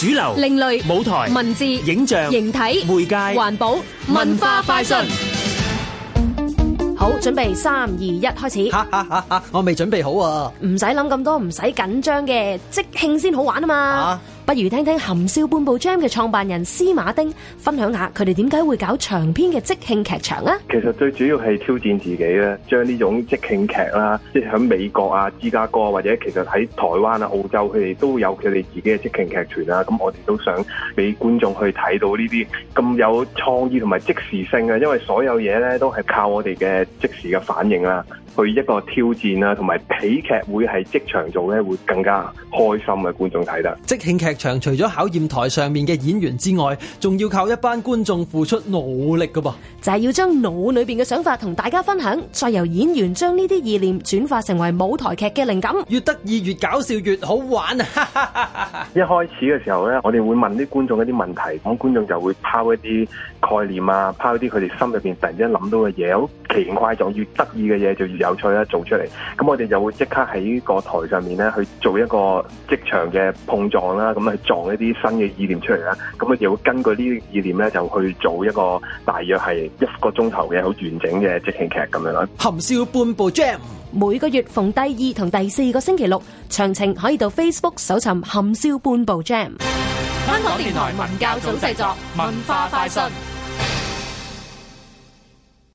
主流、另類、舞台、文字、影像、形體、不如聽聽含笑半步 Jam 嘅創辦人司馬丁分享下佢哋點解會搞長篇嘅即興劇場啊！其實最主要係挑戰自己咧，將呢種即興劇啦，即係喺美國啊、芝加哥或者其實喺台灣啊、澳洲，佢哋都有佢哋自己嘅即興劇團啊。咁我哋都想俾觀眾去睇到呢啲咁有創意同埋即時性啊。因為所有嘢咧都係靠我哋嘅即時嘅反應啦，去一個挑戰啦，同埋喜劇會喺即場做咧會更加開心嘅觀眾睇得即興劇。場除咗考驗台上面嘅演員之外，仲要靠一班觀眾付出努力㗎喎，就係要將腦裏邊嘅想法同大家分享，再由演員將呢啲意念轉化成為舞台劇嘅靈感，越得意越搞笑越好玩啊！一開始嘅時候呢，我哋會問啲觀眾一啲問題，咁觀眾就會拋一啲。概念啊，拋啲佢哋心入邊突然間諗到嘅嘢，好奇形怪狀，越得意嘅嘢就越有趣啦，做出嚟，咁我哋就會即刻喺個台上面咧去做一個即場嘅碰撞啦，咁去撞一啲新嘅意念出嚟啦，咁啊就會根據呢啲意念咧就去做一個大約係一個鐘頭嘅好完整嘅即興劇咁樣啦。含笑半步 jam，每個月逢第二同第四個星期六，詳情可以到 Facebook 搜尋含笑半步 jam。香港電台文教組製作文化快訊。